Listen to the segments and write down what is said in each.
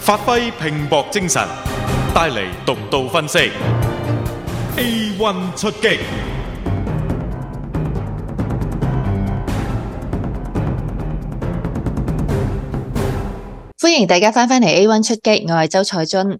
發揮拼搏精神，帶嚟獨到分析。A One 出擊，歡迎大家翻返嚟 A One 出擊，我係周采蓁。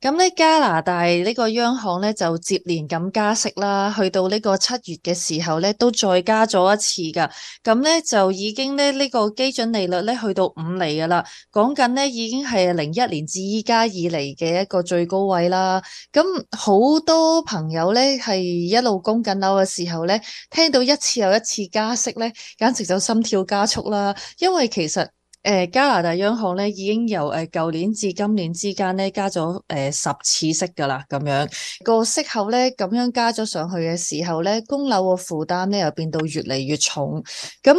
咁咧加拿大呢個央行呢，就接連咁加息啦，去到呢個七月嘅時候呢，都再加咗一次㗎，咁咧就已經咧呢、這個基準利率呢，去到五厘㗎啦，講緊呢，已經係零一年至依家以嚟嘅一個最高位啦。咁好多朋友呢，係一路供緊樓嘅時候呢，聽到一次又一次加息呢，簡直就心跳加速啦，因為其實。誒，加拿大央行咧已經由誒舊年至今年之間咧加咗誒、呃、十次息噶啦，咁樣 個息口咧咁樣加咗上去嘅時候咧，供樓個負擔咧又變到越嚟越重。咁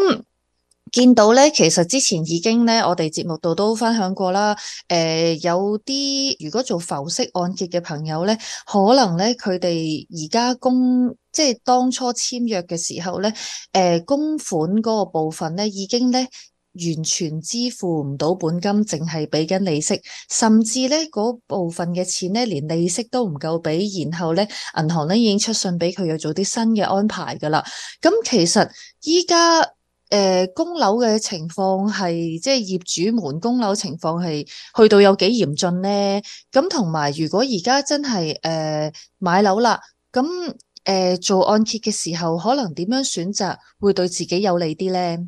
見到咧，其實之前已經咧，我哋節目度都分享過啦。誒、呃，有啲如果做浮息按揭嘅朋友咧，可能咧佢哋而家供即係當初簽約嘅時候咧，誒、呃、供款嗰個部分咧已經咧。完全支付唔到本金，淨係俾緊利息，甚至咧部分嘅錢咧連利息都唔夠俾，然後咧銀行咧已經出信俾佢又做啲新嘅安排噶啦。咁、嗯、其實依家，誒供樓嘅情況係即係業主們供樓情況係去到有幾嚴峻咧？咁同埋如果而家真係誒、呃、買樓啦，咁、嗯、誒、呃、做按揭嘅時候可能點樣選擇會對自己有利啲咧？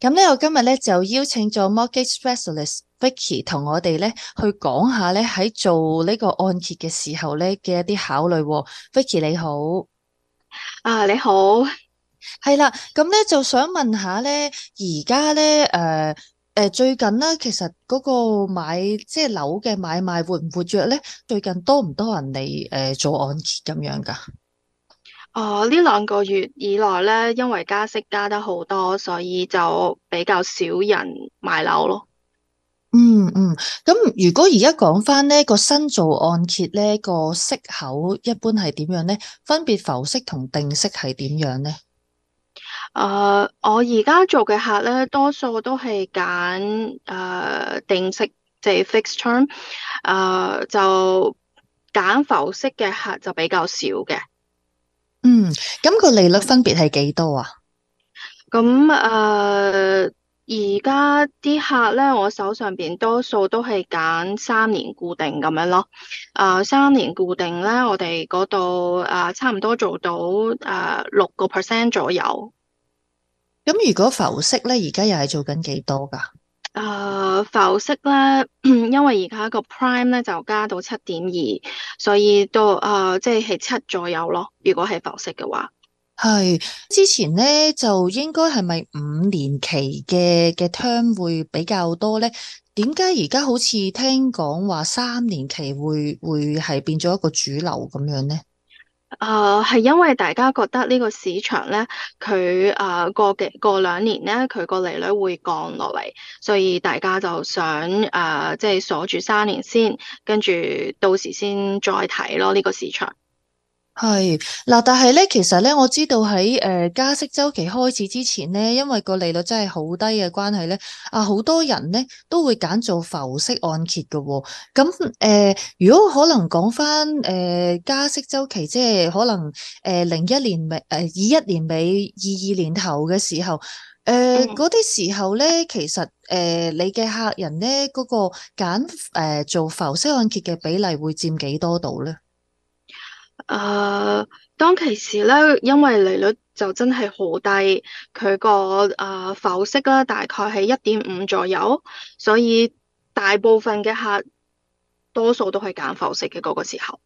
咁咧，我今日咧就邀請咗 Mortgage specialist Vicky 同我哋咧去講下咧喺做呢個按揭嘅時候咧嘅一啲考慮。Vicky 你好，啊你好，係啦。咁咧就想問下咧，而家咧誒誒最近咧，其實嗰個買即係樓嘅買賣活唔活躍咧？最近多唔多人嚟誒做按揭咁樣噶？哦，呢兩個月以來咧，因為加息加得好多，所以就比較少人買樓咯。嗯嗯，咁、嗯、如果而家講翻呢個新做按揭呢個息口一般係點樣呢？分別浮息同定息係點樣呢？誒，我而家做嘅客咧，多數都係揀誒定息，即係 fixed term 誒、呃、就揀浮息嘅客就比較少嘅。嗯，咁個利率分別係幾多啊？咁，誒，而家啲客咧，我手上邊多數都係揀三年固定咁樣咯。誒、呃，三年固定咧，我哋嗰度誒，差唔多做到誒六個 percent 左右。咁如果浮息咧，而家又係做緊幾多噶？啊，浮息咧，因為而家個 prime 咧，就加到七點二，所以都啊，即係七左右咯。如果係浮息嘅話，係之前咧就應該係咪五年期嘅嘅 term 會比較多咧？點解而家好似聽講話三年期會會係變咗一個主流咁樣咧？啊，係、uh, 因為大家覺得呢個市場咧，佢啊、uh, 過幾過兩年咧，佢個利率會降落嚟，所以大家就想啊，uh, 即係鎖住三年先，跟住到時先再睇咯呢個市場。係嗱，但係咧，其實咧，我知道喺誒、呃、加息周期開始之前咧，因為個利率真係好低嘅關係咧，啊，好多人咧都會揀做浮息按揭嘅、哦。咁誒、呃，如果可能講返誒加息周期，即係可能誒零一年尾誒二一年尾二二年頭嘅時候，誒嗰啲時候咧，其實誒、呃、你嘅客人咧嗰、那個揀誒、呃、做浮息按揭嘅比例會佔幾多度咧？誒，uh, 當其時咧，因為利率就真係好低，佢個誒浮息咧大概係一點五左右，所以大部分嘅客多數都係揀浮息嘅嗰個時候。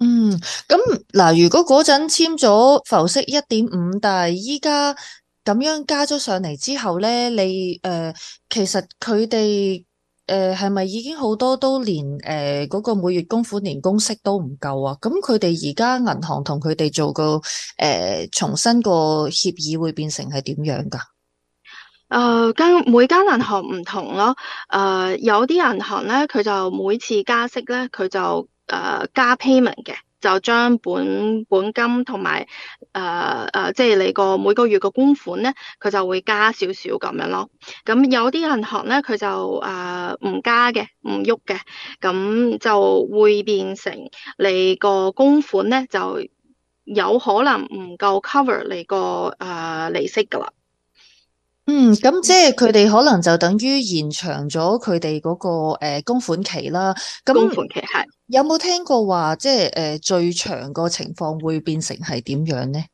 嗯，咁嗱，呃，如果嗰陣簽咗浮息一點五，但係依家咁樣加咗上嚟之後咧，你誒，呃，其實佢哋。誒，係咪、呃、已經好多都連誒嗰、呃那個每月供款連供息都唔夠啊？咁佢哋而家銀行同佢哋做個誒、呃、重新個協議會變成係點樣㗎？誒、呃，跟每間銀行唔同咯。誒、呃，有啲銀行咧，佢就每次加息咧，佢就誒加 payment 嘅。就將本本金同埋誒誒，即係你個每個月個供款咧，佢就會加少少咁樣咯。咁有啲銀行咧，佢就誒唔加嘅，唔喐嘅，咁就會變成你個供款咧就有可能唔夠 cover 你個誒利息㗎啦。嗯，咁即係佢哋可能就等於延長咗佢哋嗰個誒供款期啦。咁供款期係有冇聽過話，即係誒最長個情況會變成係點樣咧？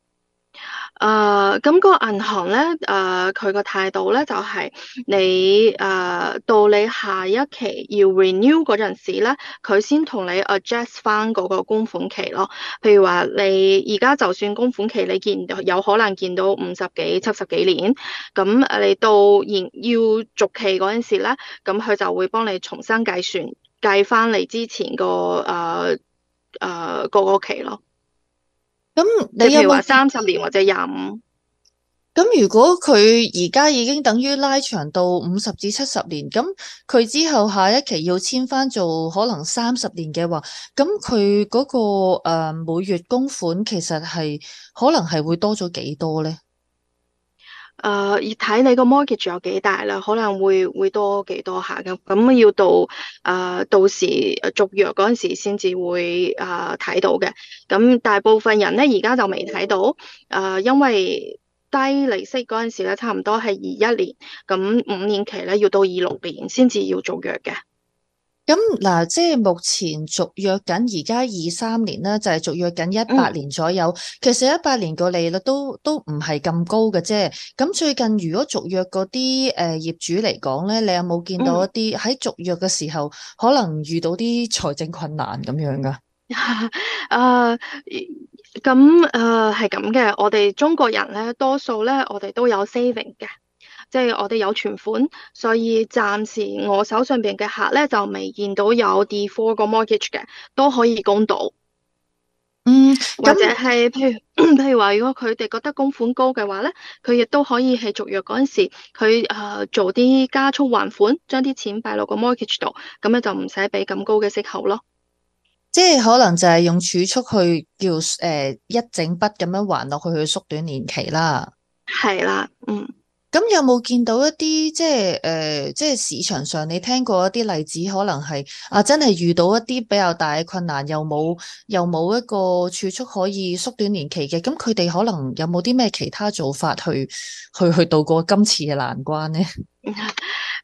誒咁、uh, 個銀行咧，誒佢個態度咧就係、是、你誒、uh, 到你下一期要 renew 嗰陣時咧，佢先同你 adjust 翻嗰個供款期咯。譬如話你而家就算供款期你見有可能見到五十幾七十幾年，咁誒你到要續期嗰陣時咧，咁佢就會幫你重新計算，計翻你之前個誒誒個個期咯。咁你有冇譬如話三十年或者廿五，咁如果佢而家已經等於拉長到五十至七十年，咁佢之後下一期要簽翻做可能三十年嘅話，咁佢嗰個誒、呃、每月供款其實係可能係會多咗幾多咧？誒，要睇、uh, 你個 mortgage 有幾大啦，可能會會多幾多下嘅，咁要到誒、uh, 到時續約嗰陣時先至會誒睇、uh, 到嘅。咁大部分人咧而家就未睇到，誒、uh, 因為低利息嗰陣時咧，差唔多係二一年，咁五年期咧要到二六年先至要續約嘅。咁嗱，即係目前續約緊而家二三年啦，就係續約緊一八年左右。嗯、其實一八年個利率都都唔係咁高嘅啫。咁最近如果續約嗰啲誒業主嚟講咧，你有冇見到一啲喺續約嘅時候可能遇到啲財政困難咁、嗯 呃、樣噶？誒、呃，咁誒係咁嘅。我哋中國人咧，多數咧，我哋都有 saving 嘅。即係我哋有存款，所以暫時我手上邊嘅客咧就未見到有 defer 個 mortgage 嘅，都可以供到。嗯，或者係、嗯、譬如譬如話，如果佢哋覺得供款高嘅話咧，佢亦都可以係續約嗰陣時，佢誒、呃、做啲加速還款，將啲錢擺落個 mortgage 度，咁樣就唔使俾咁高嘅息口咯。即係可能就係用儲蓄去叫誒、呃、一整筆咁樣還落去去縮短年期啦。係啦，嗯。咁有冇見到一啲即係誒，即係、呃、市場上你聽過一啲例子，可能係啊，真係遇到一啲比較大嘅困難，又冇又冇一個儲蓄可以縮短年期嘅，咁佢哋可能有冇啲咩其他做法去去去渡過今次嘅難關呢？誒、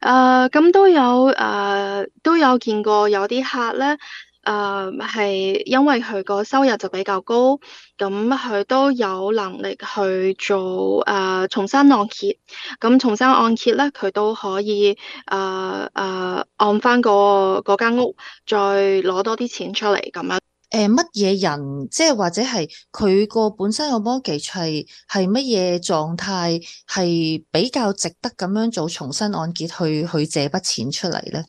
呃，咁都有誒、呃，都有見過有啲客咧。誒，係、uh，因為佢個收入就比較高，咁佢都有能力去做誒、uh，重新按揭。咁重新按揭咧，佢都可以誒誒、uh, uh，按翻個嗰間屋，再攞多啲錢出嚟咁樣。誒、呃，乜嘢人，即係或者係佢個本身個 mortgage 係係乜嘢狀態，係比較值得咁樣做重新按揭去去借筆錢出嚟咧？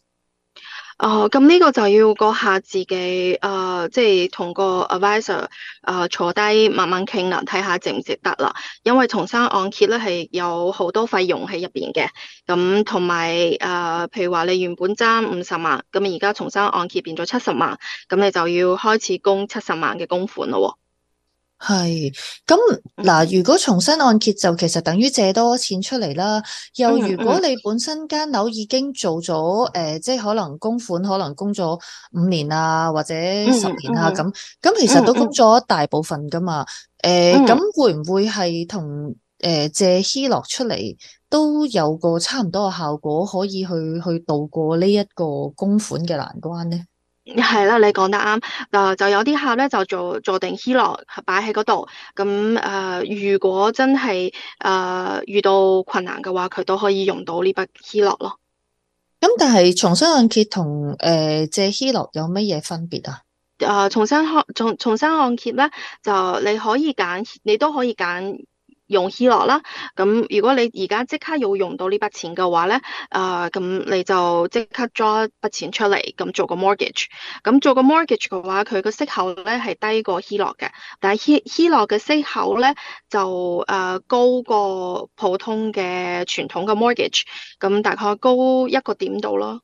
哦，咁呢個就要閣下自己，誒、呃，即係同個 advisor，誒、呃，坐低慢慢傾啦，睇下值唔值得啦。因為重新按揭咧係有好多費用喺入邊嘅，咁同埋誒，譬如話你原本爭五十萬，咁而家重新按揭變咗七十萬，咁、嗯、你就要開始供七十萬嘅供款咯、哦。係咁。嗱，如果重新按揭就其實等於借多錢出嚟啦。又如果你本身間樓已經做咗誒、呃，即係可能供款可能供咗五年啊或者十年啊咁，咁、嗯嗯嗯、其實都供咗大部分噶嘛。誒、呃，咁、嗯嗯、會唔會係同誒借希落出嚟都有個差唔多嘅效果，可以去去渡過呢一個供款嘅難關咧？係啦，你講得啱，嗱就有啲客咧就做坐定 HELOC 擺喺嗰度，咁誒、呃、如果真係誒、呃、遇到困難嘅話，佢都可以用到呢筆 HELOC 咯。咁、嗯、但係重新按揭同誒、呃、借 HELOC 有乜嘢分別啊？誒、呃，重新開重重新按揭咧，就你可以揀，你都可以揀。用 HELOC 啦，咁如果你而家即刻要用到呢筆錢嘅話咧，啊、呃，咁你就即刻攞一筆錢出嚟，咁做個 mortgage，咁做個 mortgage 嘅話，佢個息口咧係低過 HELOC 嘅，但係 HE-HELOC 嘅息口咧就啊、呃、高過普通嘅傳統嘅 mortgage，咁大概高一個點度咯。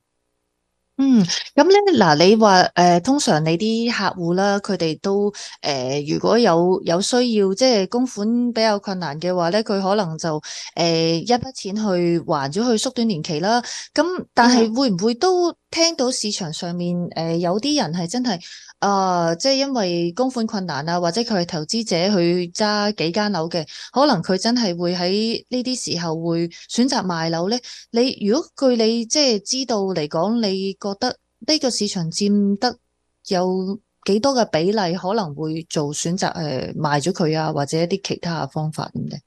嗯，咁咧，嗱，你話誒、呃，通常你啲客戶啦，佢哋都誒、呃，如果有有需要，即係供款比較困難嘅話咧，佢可能就誒、呃、一筆錢去還咗去縮短年期啦。咁但係會唔會都？聽到市場上面誒、呃、有啲人係真係啊、呃，即係因為供款困難啊，或者佢係投資者去揸幾間樓嘅，可能佢真係會喺呢啲時候會選擇賣樓呢。你如果據你即係知道嚟講，你覺得呢個市場佔得有幾多嘅比例，可能會做選擇誒、呃、賣咗佢啊，或者一啲其他嘅方法咁嘅。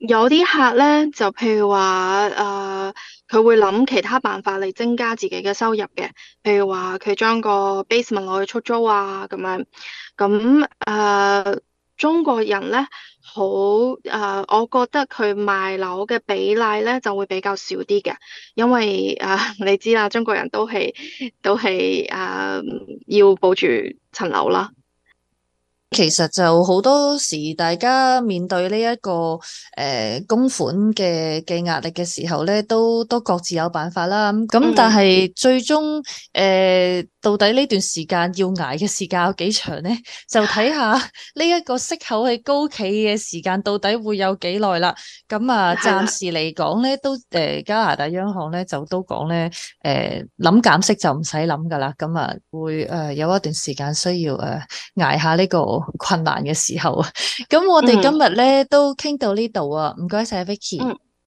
有啲客呢，就譬如話啊。呃佢會諗其他辦法嚟增加自己嘅收入嘅，譬如話佢將個 basement 攞去出租啊咁樣。咁誒、呃，中國人咧好誒、呃，我覺得佢賣樓嘅比例咧就會比較少啲嘅，因為誒、呃、你知啦，中國人都係都係誒、呃、要保住層樓啦。其實就好多時，大家面對呢、這、一個誒供、呃、款嘅嘅壓力嘅時候咧，都都各自有辦法啦。咁咁但係最終誒。呃到底呢段時間要捱嘅時間有幾長咧？就睇下呢一個息口喺高企嘅時間到底會有幾耐啦。咁啊，暫時嚟講咧，都誒、呃、加拿大央行咧就都講咧誒諗減息就唔使諗㗎啦。咁啊，會誒、呃、有一段時間需要誒捱、呃、下呢個困難嘅時候。咁 我哋今日咧都傾到呢度啊，唔該晒 Vicky。嗯